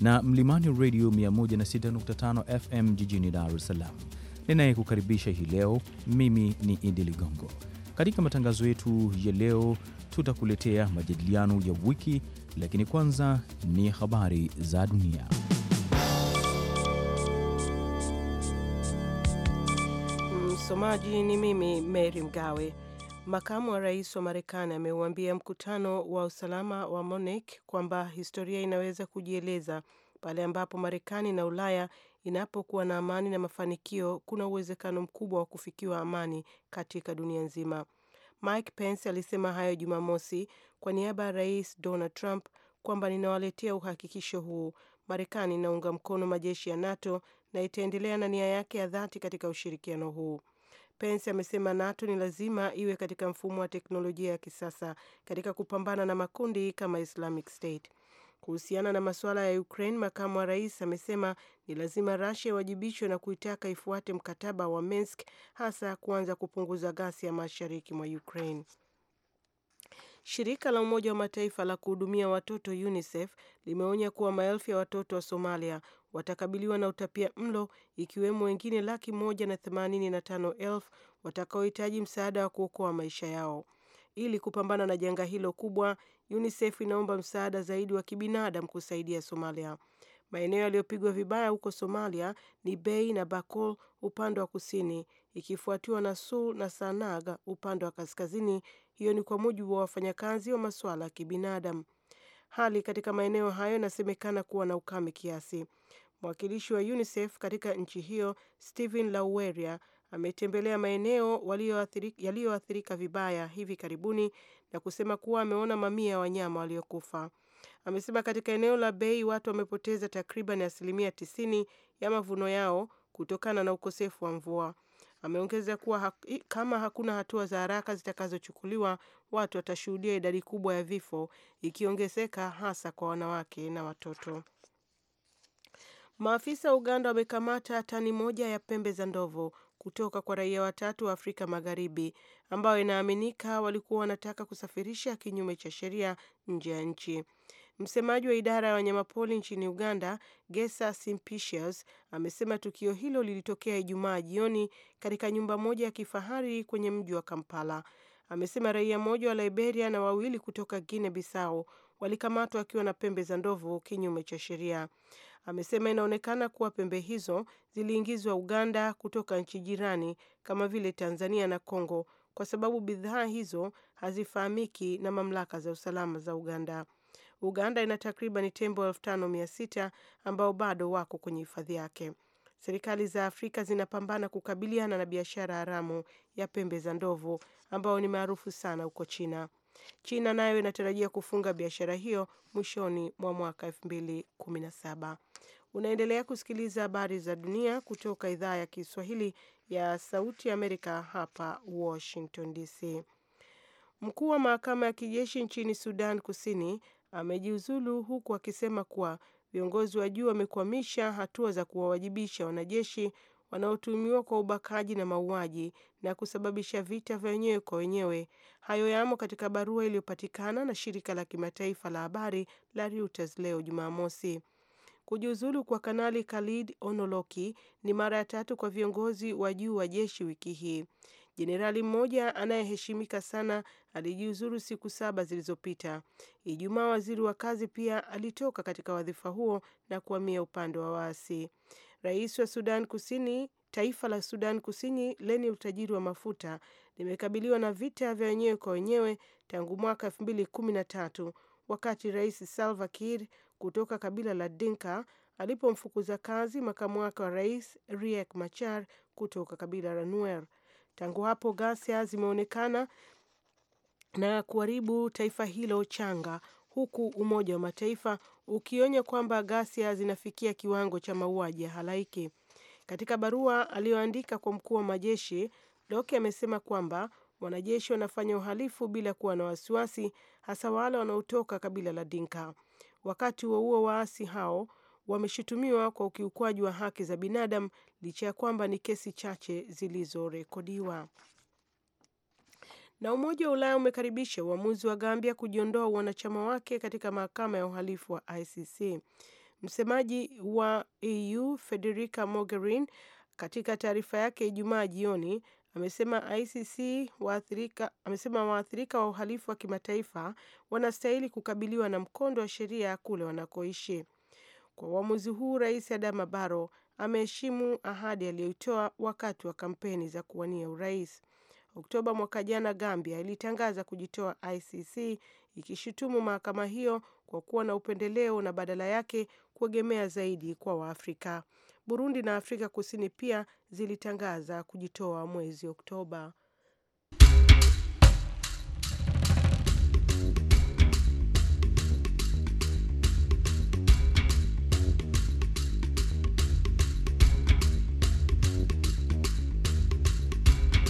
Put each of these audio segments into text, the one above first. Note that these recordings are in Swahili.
na Mlimani Radio 106.5 FM jijini Dar es Salaam. Ninayekukaribisha hii leo mimi ni Idi Ligongo. Katika matangazo yetu ya leo tutakuletea majadiliano ya wiki, lakini kwanza ni habari za dunia. Msomaji ni mimi Mary Mgawe. Makamu wa rais wa Marekani ameuambia mkutano wa usalama wa Munich kwamba historia inaweza kujieleza pale ambapo Marekani na Ulaya inapokuwa na amani na mafanikio. Kuna uwezekano mkubwa wa kufikiwa amani katika dunia nzima. Mike Pence alisema hayo Jumamosi kwa niaba ya Rais Donald Trump kwamba ninawaletea uhakikisho huu, Marekani inaunga mkono majeshi ya NATO na itaendelea na nia yake ya dhati katika ushirikiano huu. Pence amesema NATO ni lazima iwe katika mfumo wa teknolojia ya kisasa katika kupambana na makundi kama Islamic State. Kuhusiana na masuala ya Ukraine, makamu wa rais amesema ni lazima Russia iwajibishwe na kuitaka ifuate mkataba wa Minsk, hasa kuanza kupunguza ya mashariki mwa Ukraine. Shirika la Umoja wa Mataifa la kuhudumia watoto UNICEF limeonya kuwa maelfu ya watoto wa Somalia watakabiliwa na utapia mlo ikiwemo wengine laki moja na themanini na tano elfu watakaohitaji msaada wa kuokoa maisha yao. Ili kupambana na janga hilo kubwa, UNICEF inaomba msaada zaidi wa kibinadamu kusaidia Somalia. Maeneo yaliyopigwa vibaya huko Somalia ni Bay na Bakol upande wa kusini, ikifuatiwa na Sul na sanag upande wa kaskazini. Hiyo ni kwa mujibu wa wafanyakazi wa masuala ya kibinadamu. Hali katika maeneo hayo inasemekana kuwa na ukame kiasi. Mwakilishi wa UNICEF katika nchi hiyo Stephen laweria ametembelea maeneo yaliyoathirika vibaya hivi karibuni na kusema kuwa ameona mamia ya wanyama waliokufa. Amesema katika eneo la Bei watu wamepoteza takriban asilimia tisini ya mavuno yao kutokana na ukosefu wa mvua. Ameongeza kuwa ha kama hakuna hatua za haraka zitakazochukuliwa, watu watashuhudia idadi kubwa ya vifo ikiongezeka, hasa kwa wanawake na watoto. Maafisa wa Uganda wamekamata tani moja ya pembe za ndovu kutoka kwa raia watatu wa Afrika Magharibi ambao inaaminika walikuwa wanataka kusafirisha kinyume cha sheria nje ya nchi. Msemaji wa idara ya wanyamapori nchini Uganda, Gesa Simpicius, amesema tukio hilo lilitokea Ijumaa jioni katika nyumba moja ya kifahari kwenye mji wa Kampala. Amesema raia mmoja wa Liberia na wawili kutoka Guinea Bissau walikamatwa akiwa na pembe za ndovu kinyume cha sheria. Amesema inaonekana kuwa pembe hizo ziliingizwa Uganda kutoka nchi jirani kama vile Tanzania na Kongo kwa sababu bidhaa hizo hazifahamiki na mamlaka za usalama za Uganda. Uganda ina takriban tembo 56 ambao bado wako kwenye hifadhi yake. Serikali za Afrika zinapambana kukabiliana na biashara haramu ya pembe za ndovu ambao ni maarufu sana huko China. China nayo inatarajia kufunga biashara hiyo mwishoni mwa mwaka 2017. Unaendelea kusikiliza habari za dunia kutoka idhaa ya Kiswahili ya Sauti Amerika hapa Washington DC. Mkuu wa mahakama ya kijeshi nchini Sudan Kusini amejiuzulu huku akisema kuwa viongozi wa juu wamekwamisha hatua za kuwawajibisha wanajeshi wanaotumiwa kwa ubakaji na mauaji na kusababisha vita vya wenyewe kwa wenyewe. Hayo yamo katika barua iliyopatikana na shirika la kimataifa la habari la Reuters leo Jumamosi. Kujiuzulu kwa Kanali Khalid Onoloki ni mara ya tatu kwa viongozi wa juu wa jeshi wiki hii. Jenerali mmoja anayeheshimika sana alijiuzulu siku saba zilizopita. Ijumaa, waziri wa kazi pia alitoka katika wadhifa huo na kuhamia upande wa waasi. Rais wa Sudan Kusini, taifa la Sudan Kusini lenye utajiri wa mafuta limekabiliwa na vita vya wenyewe kwa wenyewe tangu mwaka tatu wakati Rais Salva Kiir kutoka kabila la Dinka alipomfukuza kazi makamu wake wa rais Riek Machar kutoka kabila la Nuer. Tangu hapo ghasia zimeonekana na kuharibu taifa hilo changa, huku Umoja wa Mataifa ukionya kwamba ghasia zinafikia kiwango cha mauaji ya halaiki. Katika barua aliyoandika kwa mkuu wa majeshi, Loke amesema kwamba wanajeshi wanafanya uhalifu bila kuwa na wasiwasi, hasa wale wanaotoka kabila la Dinka. Wakati huo huo, waasi hao wameshutumiwa kwa ukiukwaji wa haki za binadamu licha ya kwamba ni kesi chache zilizorekodiwa na Umoja wa Ulaya umekaribisha uamuzi wa Gambia kujiondoa wanachama wake katika mahakama ya uhalifu wa ICC. Msemaji wa EU Federica Mogherini katika taarifa yake Ijumaa jioni amesema ICC waathirika, amesema waathirika wa uhalifu wa kimataifa wanastahili kukabiliwa na mkondo wa sheria kule wanakoishi. Kwa uamuzi huu, Rais Adama Barrow ameheshimu ahadi aliyoitoa wakati wa kampeni za kuwania urais. Oktoba mwaka jana, Gambia ilitangaza kujitoa ICC ikishutumu mahakama hiyo kwa kuwa na upendeleo na badala yake kuegemea zaidi kwa Waafrika. Burundi na Afrika Kusini pia zilitangaza kujitoa mwezi Oktoba.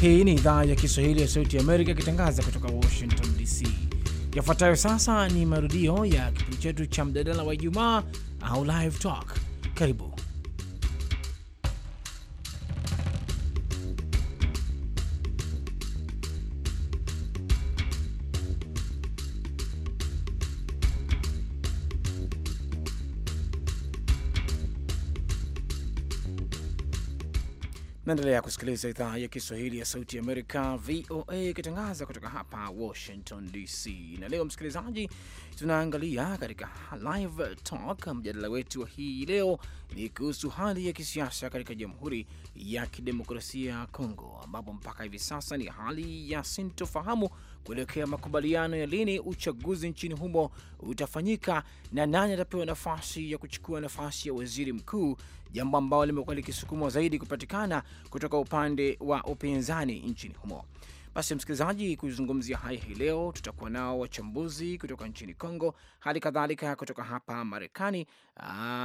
Hii ni idhaa ya Kiswahili ya Sauti Amerika ikitangaza kutoka Washington DC. Yafuatayo sasa ni marudio ya kipindi chetu cha mjadala wa Ijumaa au Live Talk. Karibu. Naendelea kusikiliza idhaa ya Kiswahili ya Sauti ya Amerika, VOA, ikitangaza kutoka hapa Washington DC. Na leo msikilizaji, tunaangalia katika live talk. Mjadala wetu wa hii leo ni kuhusu hali ya kisiasa katika Jamhuri ya Kidemokrasia ya Kongo, ambapo mpaka hivi sasa ni hali ya sintofahamu kuelekea makubaliano ya lini uchaguzi nchini humo utafanyika na nani atapewa nafasi ya kuchukua nafasi ya waziri mkuu, jambo ambalo limekuwa likisukumwa zaidi kupatikana kutoka upande wa upinzani nchini humo. Basi msikilizaji, kuzungumzia haya hii leo tutakuwa nao wachambuzi kutoka nchini Kongo, hali kadhalika kutoka hapa Marekani,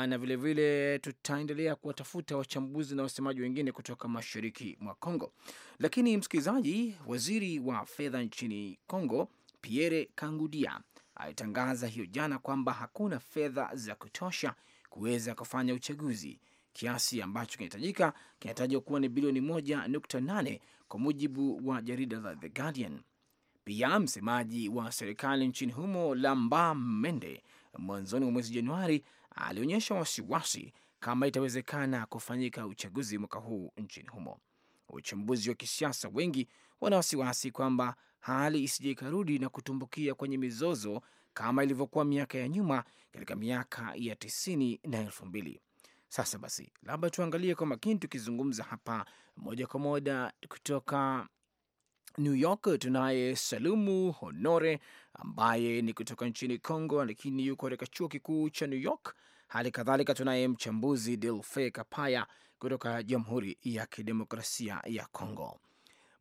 na vilevile tutaendelea kuwatafuta wachambuzi na wasemaji wengine kutoka mashariki mwa congo Lakini msikilizaji, waziri wa fedha nchini congo Pierre Kangudia alitangaza hiyo jana kwamba hakuna fedha za kutosha kuweza kufanya uchaguzi Kiasi ambacho kinahitajika kinatajwa kuwa ni bilioni 1.8 kwa mujibu wa jarida la The Guardian. Pia msemaji wa serikali nchini humo Lamba Mende mwanzoni mwa mwezi Januari alionyesha wasiwasi kama itawezekana kufanyika uchaguzi mwaka huu nchini humo. Wachambuzi wa kisiasa wengi wana wasiwasi kwamba hali isije ikarudi na kutumbukia kwenye mizozo kama ilivyokuwa miaka ya nyuma katika miaka ya tisini na elfu mbili. Sasa basi, labda tuangalie kwa makini, tukizungumza hapa moja kwa moja kutoka New York tunaye Salumu Honore ambaye ni kutoka nchini Congo, lakini yuko katika chuo kikuu cha New York. Hali kadhalika tunaye mchambuzi Delfe Kapaya kutoka Jamhuri ya Kidemokrasia ya Congo.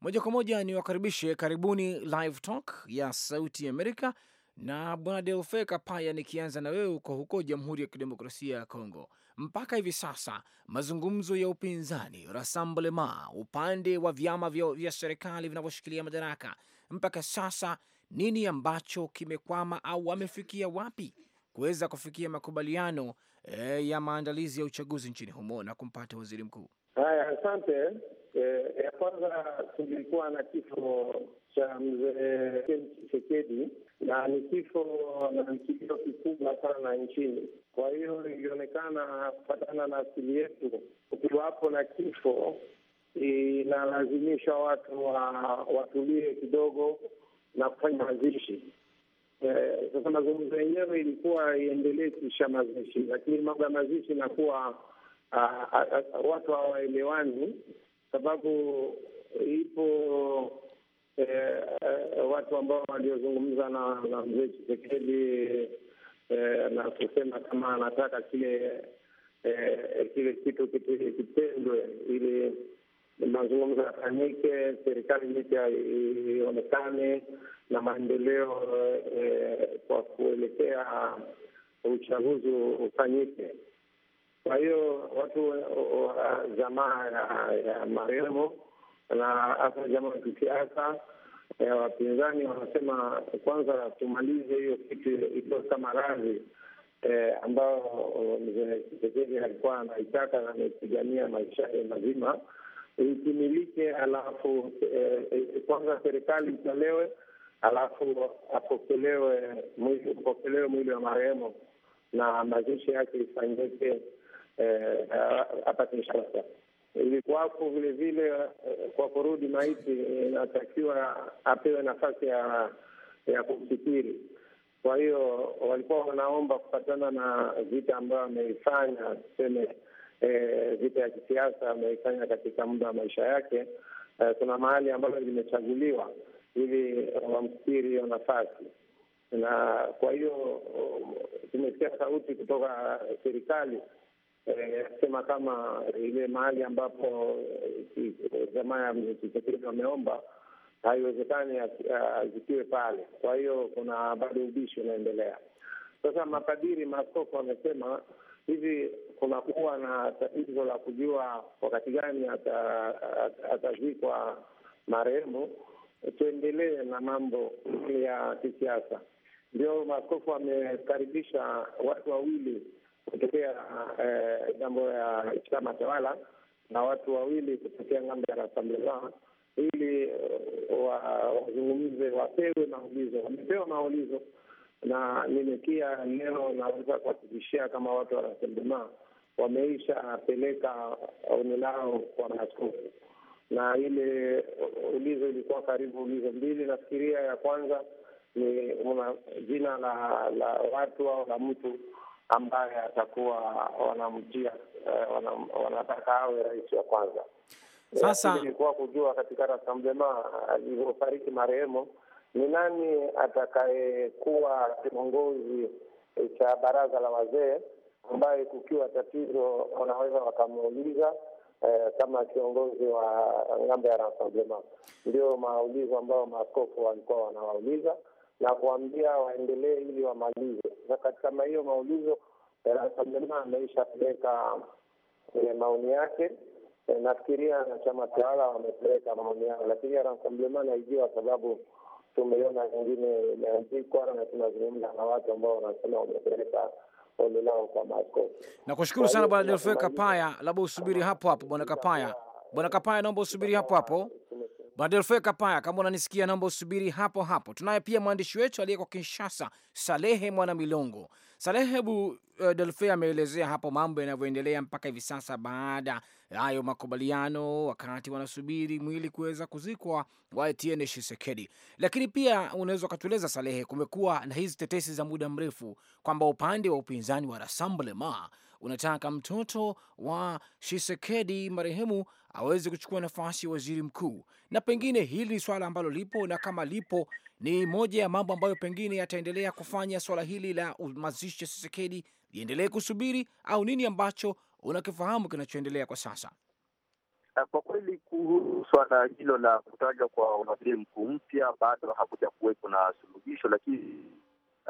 Moja kwa moja ni wakaribishe, karibuni Live Talk ya Sauti Amerika. Na bwana Delfe Kapaya, nikianza na wewe, uko huko Jamhuri ya Kidemokrasia ya Congo, mpaka hivi sasa mazungumzo ya upinzani, rassemblement, upande wa vyama vya, vya serikali vinavyoshikilia madaraka, mpaka sasa nini ambacho kimekwama au wamefikia wapi kuweza kufikia makubaliano e, ya maandalizi ya uchaguzi nchini humo na kumpata waziri mkuu? Haya, asante. Eh, ya e, kwanza tulikuwa na kifo cha mzee Tshisekedi, na ni kifo na kilio kikubwa sana nchini. Kwa hiyo ilionekana kufatana na asili yetu, ukiwapo na kifo inalazimisha watu wa, watulie kidogo na kufanya mazishi. Eh, sasa eh, mazungumzo yenyewe ilikuwa iendelee kisha mazishi, lakini mambo ya mazishi inakuwa watu hawaelewani, sababu ipo eh, watu ambao waliozungumza na, na mzee Chisekedi eh, na kusema kama anataka kile eh, kile kitu kitendwe ili mazungumzo yafanyike, serikali mpya ionekane na maendeleo eh, kwa kuelekea uchaguzi ufanyike. Kwa hiyo watu wa jamaa ya, ya marehemu na hasa vyama vya kisiasa eh, wapinzani wanasema kwanza tumalize hiyo kitu iliyo kama radhi eh, ambayo eh, mzee alikuwa anaitaka na amepigania maishani mazima ikimilike, alafu eh, eh, kwanza serikali itolewe, alafu apokelewe mwili, upokelewe mwili wa marehemu na mazishi yake ifanyike hapa eh, Kinshasa ilikuwapo vile vile, eh, kwa kurudi maiti eh, inatakiwa apewe nafasi ya ya kufikiri. Kwa hiyo walikuwa wanaomba kupatana na vita ambayo ameifanya, tuseme e, vita ya kisiasa ameifanya katika muda wa maisha yake. Kuna mahali ambayo limechaguliwa ili wamfikiri hiyo nafasi na kwa hiyo tumesikia sauti kutoka serikali Eh, sema kama ile mahali ambapo eh, jamaa ya Tshisekedi wameomba haiwezekani azikiwe eh, pale. Kwa hiyo kuna bado ubishi unaendelea. Sasa mapadiri, maaskofu wamesema hivi, kunakuwa na tatizo la kujua wakati gani atazikwa marehemu. Tuendelee na mambo ya kisiasa. Ndio maaskofu wamekaribisha watu wawili kutokea eh, jambo ya chama tawala na watu wawili kutokea ng'ambo ya Rassemblement ili eh, wazungumze, wapewe maulizo. Wamepewa maulizo na nimekia leo, naweza kuhakikishia kama watu wa Rassemblement wameisha peleka ono lao kwa maaskofu, na ile ulizo ilikuwa karibu ulizo mbili. Nafikiria ya kwanza ni una jina la, la watu au la mtu ambaye atakuwa wanamtia uh, eh, wanataka awe rais wa kwanza. Eh, Sasa ilikuwa kujua katika rasamblema alivyofariki marehemu ni nani atakayekuwa kiongozi eh, cha baraza la wazee, ambaye kukiwa tatizo wanaweza wakamuuliza eh, kama kiongozi wa ng'ambo ya rasamblema. Ndio maulizo ambayo maaskofu walikuwa wanawauliza na kuambia waendelee ili wamalize. Sasa katika hiyo maulizo, Jamaa ameishapeleka eh, maoni yake, eh, nafikiria na chama tawala wamepeleka maoni yao, lakini Rassemblement naijua sababu tumeona nyingine imeandikwa na tunazungumza na watu ambao wanasema wamepeleka ombi lao kwa na Nakushukuru sana Bwana Delfe Kapaya, labda usubiri hapo hapo. Bwana Kapaya, Bwana Kapaya, naomba usubiri hapo hapo. Badelfeka Paya, kama unanisikia, naomba usubiri hapo hapo. Tunaye pia mwandishi wetu aliyeko Kinshasa, Salehe Mwana Milongo. Salehe, hebu eh, Delfe ameelezea hapo mambo yanavyoendelea mpaka hivi sasa, baada ya hayo makubaliano, wakati wanasubiri mwili kuweza kuzikwa wa Etienne Tshisekedi. Lakini pia unaweza ukatueleza Salehe, kumekuwa na hizi tetesi za muda mrefu kwamba upande wa upinzani wa Rassemblement unataka mtoto wa Shisekedi marehemu aweze kuchukua nafasi ya waziri mkuu, na pengine hili ni swala ambalo lipo, na kama lipo ni moja ya mambo ambayo pengine yataendelea kufanya swala hili la mazishi ya Shisekedi liendelee kusubiri, au nini ambacho unakifahamu kinachoendelea kwa sasa? Ah, kwa kweli kuhusu swala hilo la kutajwa kwa waziri mkuu mpya bado hakuja kuwepo na suluhisho, lakini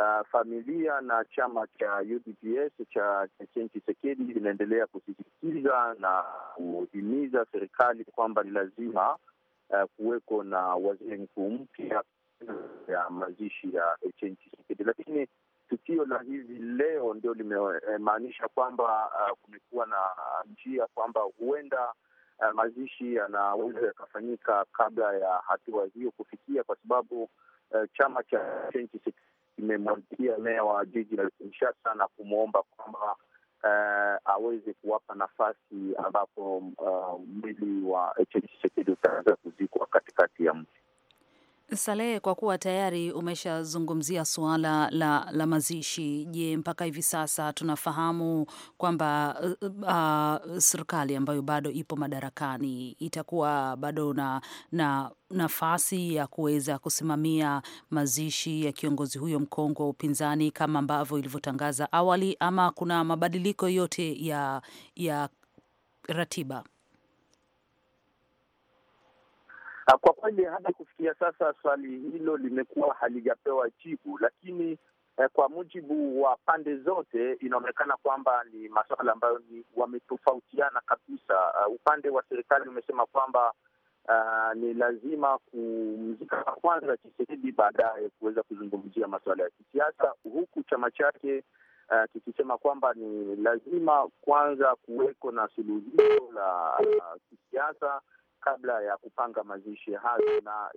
uh, familia na chama cha UDPS cha Etienne Tshisekedi linaendelea kusisitiza na kuhimiza serikali kwamba ni lazima uh, kuweko na waziri mkuu mpya ya mazishi ya Etienne Tshisekedi, lakini tukio la hivi leo ndio limemaanisha kwamba uh, kumekuwa na njia kwamba huenda uh, mazishi yanaweza yakafanyika kabla ya hatua hiyo kufikia, kwa sababu uh, chama cha Etienne Tshisekedi imemwandikia meya wa jiji la Kinshasa na kumwomba kwamba uh, aweze kuwapa nafasi ambapo uh, mwili wa Etienne Tshisekedi utaweza kuzikwa katikati ya mji. Salehe, kwa kuwa tayari umeshazungumzia suala la, la mazishi, je, mpaka hivi sasa tunafahamu kwamba uh, uh, serikali ambayo bado ipo madarakani itakuwa bado na, na nafasi ya kuweza kusimamia mazishi ya kiongozi huyo mkongwe wa upinzani kama ambavyo ilivyotangaza awali, ama kuna mabadiliko yote ya, ya ratiba? Ah, kwa kweli hadi kufikia sasa swali hilo limekuwa halijapewa jibu, lakini eh, kwa mujibu wa pande zote inaonekana kwamba ni masuala ambayo ni wametofautiana kabisa. Uh, upande wa serikali umesema kwamba uh, ni lazima kumzika kwanza Tshisekedi, baadaye kuweza kuzungumzia masuala ya kisiasa, huku chama chake uh, kikisema kwamba ni lazima kwanza kuweko na suluhisho la uh, kisiasa kabla ya kupanga mazishi hayo, na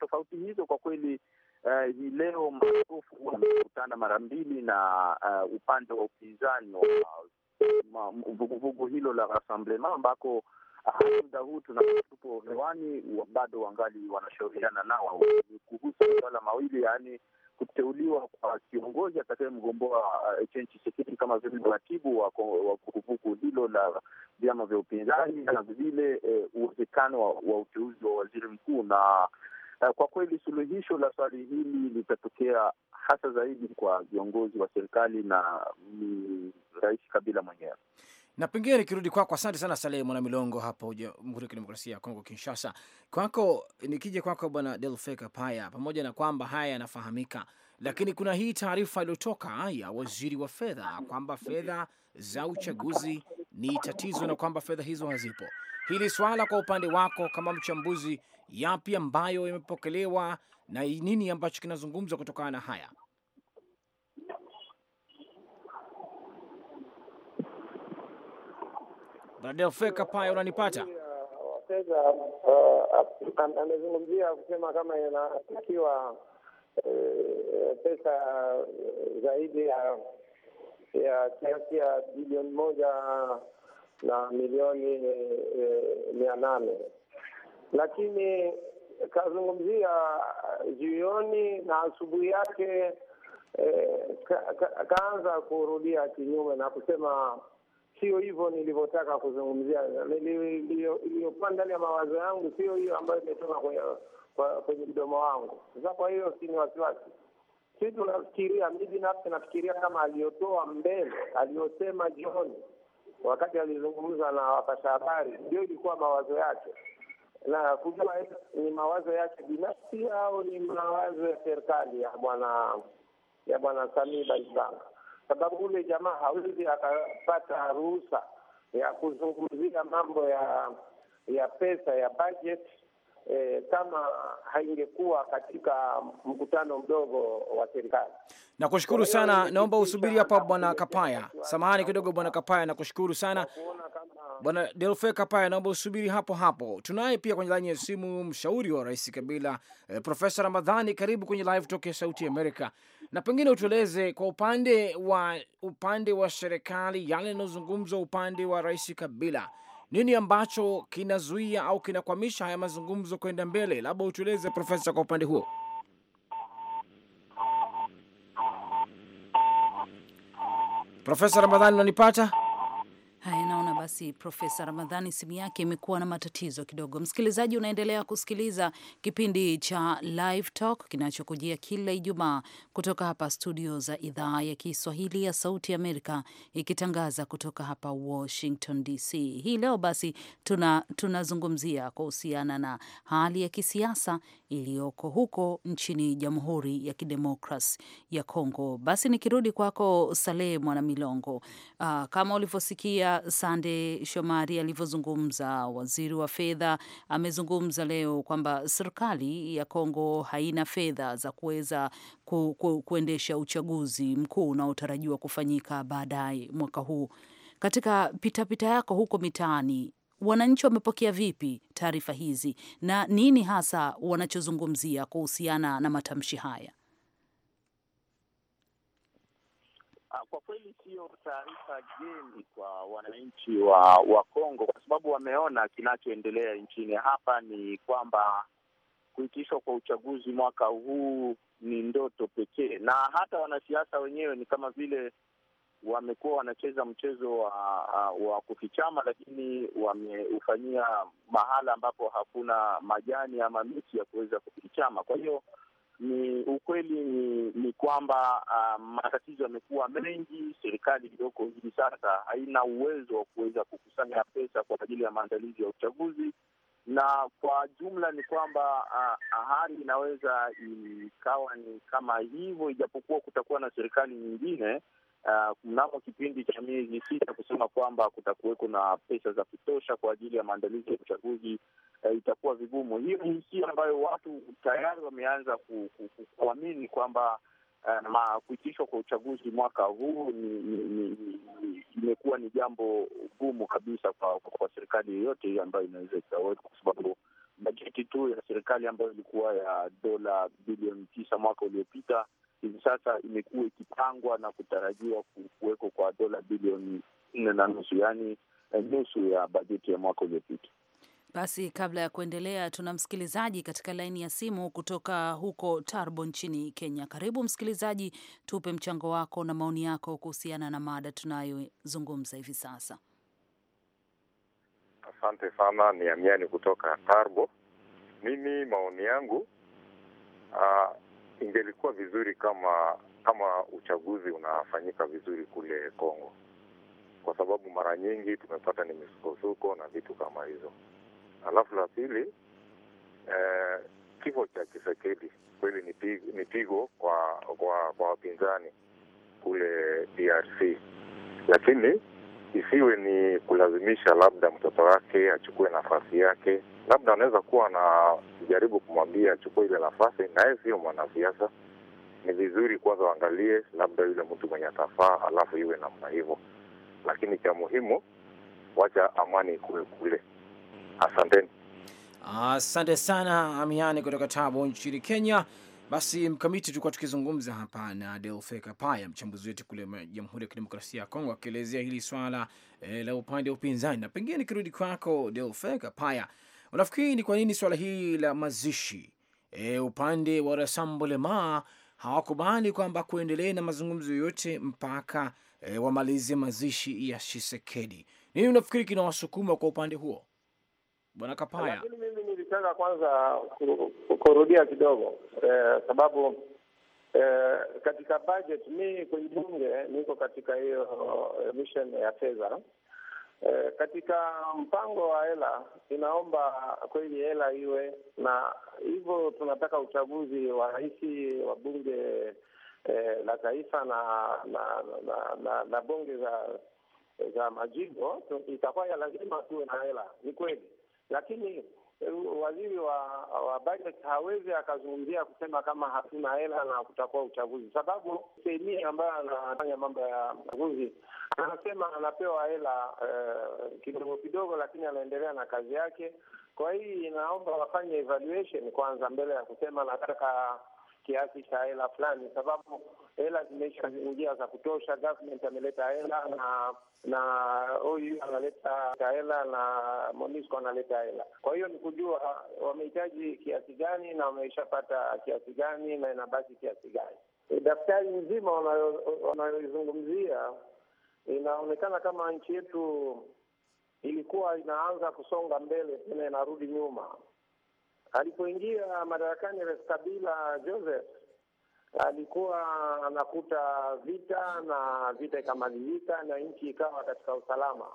tofauti hizo kwa kweli Uh, hii leo maaskofu wamekutana mara mbili na uh, upande wa upinzani wa vuguvugu hilo la Rassemblement, ambako hadi ah, muda huu tunapo hewani bado wangali wanashauriana nao kuhusu masuala mawili, yaani kuteuliwa kwa kiongozi atakayemgomboa uh, eh, Tshisekedi kama vile mratibu wa vuguvugu hilo la vyama vya upinzani na vile eh, uwezekano wa, wa uteuzi wa waziri mkuu na uh, kwa kweli suluhisho la swali hili litatokea hasa zaidi kwa viongozi wa serikali na ni Rais Kabila mwenyewe na pengine nikirudi kwako, asante sana Saleh Mwana Milongo hapo Jamhuri ya Kidemokrasia ya Kongo, Kinshasa. Kwako nikija kwako Bwana Delfeka Paya, pamoja na kwamba haya yanafahamika, lakini kuna hii taarifa iliyotoka ya waziri wa fedha kwamba fedha za uchaguzi ni tatizo na kwamba fedha hizo hazipo hili swala kwa upande wako kama mchambuzi, yapi ambayo imepokelewa na nini ambacho kinazungumzwa kutokana na haya? Delfeka Paya, unanipata? Wateza uh, uh, amezungumzia kusema kama inatakiwa eh, pesa zaidi ya kiasi ya bilioni moja na milioni eh, eh, mia nane lakini kazungumzia jioni na asubuhi yake e, kaanza ka, kurudia kinyume na kusema sio hivyo nilivyotaka kuzungumzia, iliyokuwa ndani ya mawazo yangu sio hiyo ambayo imetoka kwenye kwenye mdomo wangu. Sasa kwa hiyo si ni wasiwasi, si tunafikiria, mi binafsi nafikiria kama aliyotoa mbele, aliyosema jioni wakati alizungumza na wapasha habari, ndio ilikuwa mawazo yake, na kujua ni mawazo yake binafsi au ni mawazo ya serikali ya bwana ya bwana Samii baibanga sababu ule jamaa hawezi akapata ruhusa ya kuzungumzia mambo ya ya pesa ya budget E, kama haingekuwa katika mkutano mdogo wa serikali. Nakushukuru sana, naomba usubiri hapa bwana Kapaya. Samahani kidogo bwana Kapaya, nakushukuru sana bwana Delfe Kapaya, naomba usubiri hapo hapo. Tunaye pia kwenye laini ya simu mshauri wa Rais Kabila eh, Profesa Ramadhani, karibu kwenye live toke Sauti Amerika, na pengine utueleze kwa upande wa upande wa serikali yale yanayozungumzwa upande wa Rais Kabila nini ambacho kinazuia au kinakwamisha haya mazungumzo kwenda mbele? Labda utueleze Profesa kwa upande huo. Profesa Ramadhani, unanipata? basi Profesa Ramadhani simu yake imekuwa na matatizo kidogo. Msikilizaji, unaendelea kusikiliza kipindi cha Live Talk kinachokujia kila Ijumaa kutoka hapa studio za idhaa ya Kiswahili ya Sauti ya Amerika, ikitangaza kutoka hapa Washington DC. Hii leo basi tunazungumzia tuna kuhusiana na hali ya kisiasa iliyoko huko nchini Jamhuri ya Kidemokrasi ya Kongo. Basi nikirudi kwako Salehe Mwanamilongo, uh, kama ulivyosikia Sande vile Shomari alivyozungumza, waziri wa fedha amezungumza leo kwamba serikali ya Kongo haina fedha za kuweza ku, ku, kuendesha uchaguzi mkuu unaotarajiwa kufanyika baadaye mwaka huu. Katika pitapita pita yako huko mitaani, wananchi wamepokea vipi taarifa hizi na nini hasa wanachozungumzia kuhusiana na matamshi haya? Ah, kwa kweli sio taarifa geni kwa wananchi wa wa Kongo, kwa sababu wameona kinachoendelea nchini hapa ni kwamba kuitishwa kwa uchaguzi mwaka huu ni ndoto pekee, na hata wanasiasa wenyewe ni kama vile wamekuwa wanacheza mchezo wa, wa kufichama, lakini wameufanyia mahala ambapo hakuna majani ama miti ya kuweza kufichama. Kwa hiyo ni ukweli ni, ni kwamba uh, matatizo yamekuwa mengi. Serikali iliyoko hivi sasa haina uwezo wa kuweza kukusanya pesa kwa ajili ya maandalizi ya uchaguzi, na kwa jumla ni kwamba uh, hali inaweza ikawa ni kama hivyo, ijapokuwa kutakuwa na serikali nyingine uh, mnamo kipindi cha miezi sita kusema kwamba kutakuweko na pesa za kutosha kwa ajili ya maandalizi ya uchaguzi uh, itakuwa vigumu. Hiyo ni hisia ambayo watu tayari wameanza kuamini kwamba uh, kuitishwa kwa uchaguzi mwaka huu imekuwa ni jambo gumu kabisa kwa, kwa serikali yoyote hiyo ambayo inaweza ikaweka kwa sababu bajeti tu ya serikali ambayo ilikuwa ya dola bilioni tisa mwaka uliopita hivi sasa imekuwa ikipangwa na kutarajiwa kuwekwa kwa dola bilioni nne na nusu yaani eh, nusu ya bajeti ya mwaka uliopita. Basi kabla ya kuendelea, tuna msikilizaji katika laini ya simu kutoka huko Tarbo nchini Kenya. Karibu msikilizaji, tupe mchango wako na maoni yako kuhusiana na mada tunayozungumza hivi sasa. Asante sana, ni Amiani kutoka Tarbo. Mimi maoni yangu aa, ah, ingelikuwa vizuri kama kama uchaguzi unafanyika vizuri kule Kongo, kwa sababu mara nyingi tumepata ni misukosuko na vitu kama hizo. Alafu la pili, eh, kifo cha Kisekedi kweli ni pigo kwa kwa wapinzani kule DRC, lakini isiwe ni kulazimisha, labda mtoto wake achukue nafasi yake, labda anaweza kuwa anajaribu kumwambia achukue ile nafasi, naye sio mwanasiasa. Ni vizuri kwanza waangalie labda yule mtu mwenye atafaa, alafu iwe namna hivyo, lakini cha muhimu, wacha amani ikuwe kule. Asanteni, asante sana Amiani kutoka Tabo nchini Kenya. Basi mkamiti, tulikuwa tukizungumza hapa na Delfe Kapaya, mchambuzi wetu kule Jamhuri ya Kidemokrasia ya Kongo, akielezea hili swala e, la upande wa upinzani. Na pengine nikirudi kwako Delfe Kapaya, unafikiri ni kwa nini swala hili la mazishi e, upande wa Rassemblement hawakubali kwamba kuendelee na mazungumzo yoyote mpaka e, wamalize mazishi ya Shisekedi? Nini unafikiri kinawasukuma kwa upande huo, Bwana Kapaya? nilitaka kwanza kurudia kidogo eh, sababu eh, katika budget mi kwenye bunge niko katika hiyo eh, mission ya fedha eh, katika mpango wa hela inaomba kweli hela iwe na hivyo, tunataka uchaguzi wa rais wa bunge eh, la taifa na na na, na, na bunge za za majimbo itakuwa ya lazima tuwe na hela, ni kweli, lakini Eh, waziri wa budget hawezi akazungumzia kusema kama hatuna hela na kutakuwa uchaguzi, sababu sehemi ambayo anafanya mambo ya uchaguzi anasema anapewa hela uh, kidogo kidogo, lakini anaendelea na kazi yake. Kwa hii inaomba wafanye evaluation kwanza mbele ya kusema nataka kiasi cha hela fulani, sababu hela zimeshaingia za kutosha. Government ameleta hela na na huyu analeta hela na MONUSCO analeta hela. Kwa hiyo ni kujua wamehitaji kiasi gani na wameshapata kiasi gani na inabaki kiasi gani. Daftari nzima wanayoizungumzia inaonekana kama nchi yetu ilikuwa inaanza kusonga mbele, tena inarudi nyuma. Alipoingia madarakani Rais Kabila Joseph alikuwa anakuta vita na vita ikamalizika na nchi ikawa katika usalama.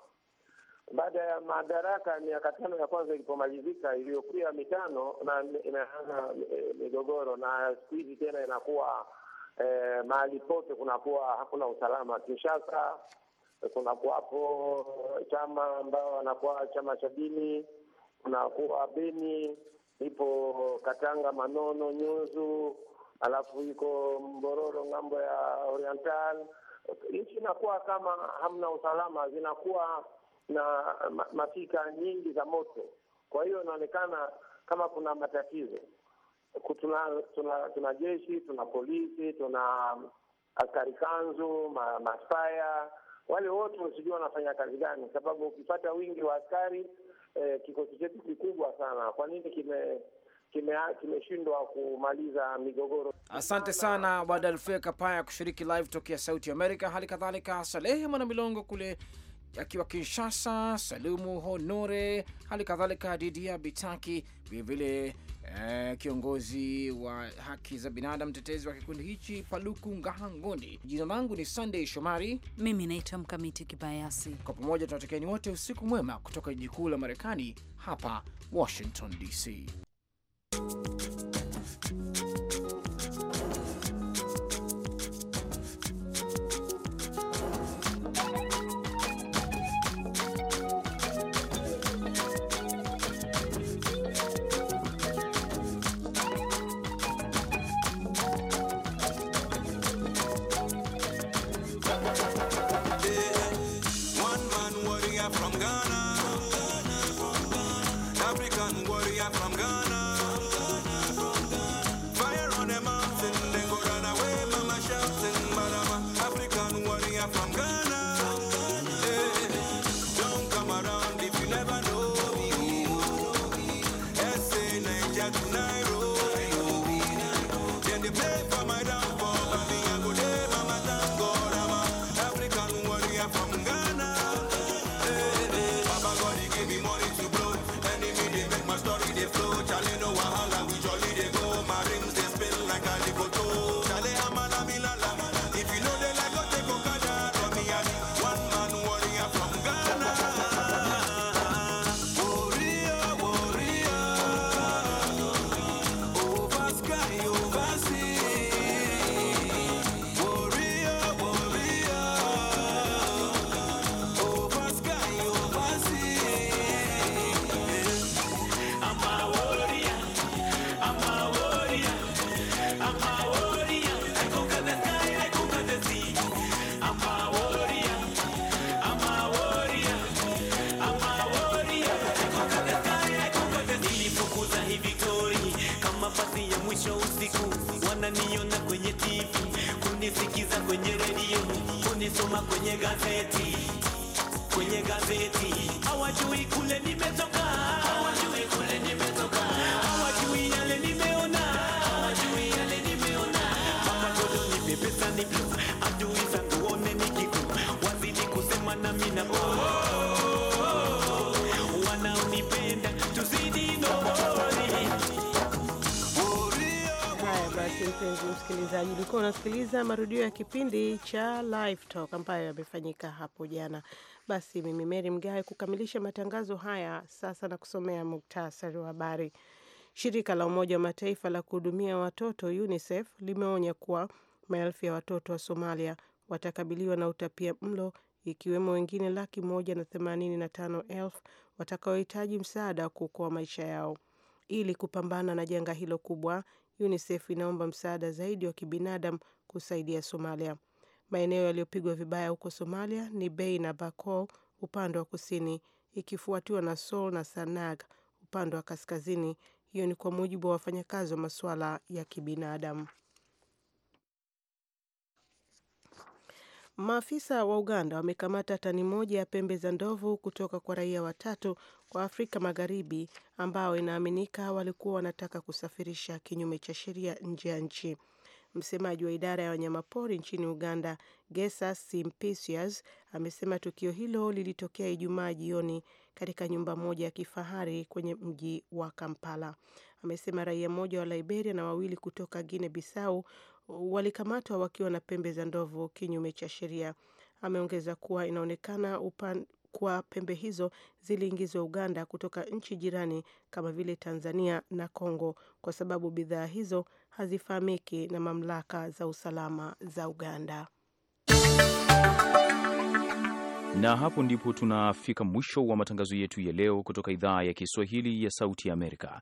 Baada ya madaraka miaka tano ya kwanza ilipomalizika, iliyokuwa mitano na inaanza migogoro, na siku hizi tena inakuwa eh, mahali pote kunakuwa hakuna usalama. Kinshasa kunakuwapo chama ambao wanakuwa chama cha dini, kunakuwa Beni ipo Katanga, Manono, Nyunzu, alafu iko Mbororo ng'ambo ya Oriental. Nchi inakuwa kama hamna usalama, zinakuwa na masika nyingi za moto. Kwa hiyo inaonekana kama kuna matatizo. Tuna, tuna, tuna jeshi, tuna polisi, tuna askari kanzu, maspaya, wale wote usijua wanafanya kazi gani, sababu ukipata wingi wa askari eh, kikosi chetu kikubwa sana. Kwa nini kime kimeshindwa kime kumaliza migogoro? Asante sana Bwana Kapaya kushiriki live tokea Sauti Amerika, hali kadhalika Salehe Mwana Milongo kule akiwa Kinshasa, Salumu Honore, hali kadhalika Didia Bitaki, vilevile eh, kiongozi wa haki za binadamu mtetezi wa kikundi hichi Paluku Ngahangoni. Jina langu ni Sunday Shomari, mimi naitwa Mkamiti Kibayasi. Kwa pamoja tunatakieni wote usiku mwema kutoka jiji kuu la Marekani hapa Washington DC. maana mina oh, oh, oh, oh, wanaonipenda tuzidi mpenzi msikilizaji, ulikuwa unasikiliza marudio ya kipindi cha Live Talk ambayo yamefanyika hapo jana. Basi mimi Meri Mgawe kukamilisha matangazo haya sasa na kusomea muktasari wa habari. Shirika la Umoja wa Mataifa la kuhudumia watoto UNICEF limeonya kuwa maelfu ya watoto wa Somalia watakabiliwa na utapia mlo ikiwemo wengine laki moja na themanini na tano elfu watakaohitaji msaada kuokoa maisha yao. Ili kupambana na janga hilo kubwa, UNICEF inaomba msaada zaidi wa kibinadamu kusaidia Somalia. Maeneo yaliyopigwa vibaya huko Somalia ni Bay na Bakool upande wa kusini, ikifuatiwa na Sool na Sanaag upande wa kaskazini. Hiyo ni kwa mujibu wa wafanyakazi wa masuala ya kibinadamu. Maafisa wa Uganda wamekamata tani moja ya pembe za ndovu kutoka kwa raia watatu kwa Afrika Magharibi ambao inaaminika walikuwa wanataka kusafirisha kinyume cha sheria nje ya nchi. Msemaji wa idara ya wanyamapori nchini Uganda, Gesas amesema tukio hilo lilitokea Ijumaa jioni katika nyumba moja ya kifahari kwenye mji wa Kampala. Amesema raia mmoja wa Liberia na wawili kutoka Guinea Bissau walikamatwa wakiwa na pembe za ndovu kinyume cha sheria. Ameongeza kuwa inaonekana upan, kuwa pembe hizo ziliingizwa Uganda kutoka nchi jirani kama vile Tanzania na Kongo kwa sababu bidhaa hizo hazifahamiki na mamlaka za usalama za Uganda. Na hapo ndipo tunafika mwisho wa matangazo yetu ya leo kutoka idhaa ya Kiswahili ya Sauti ya Amerika.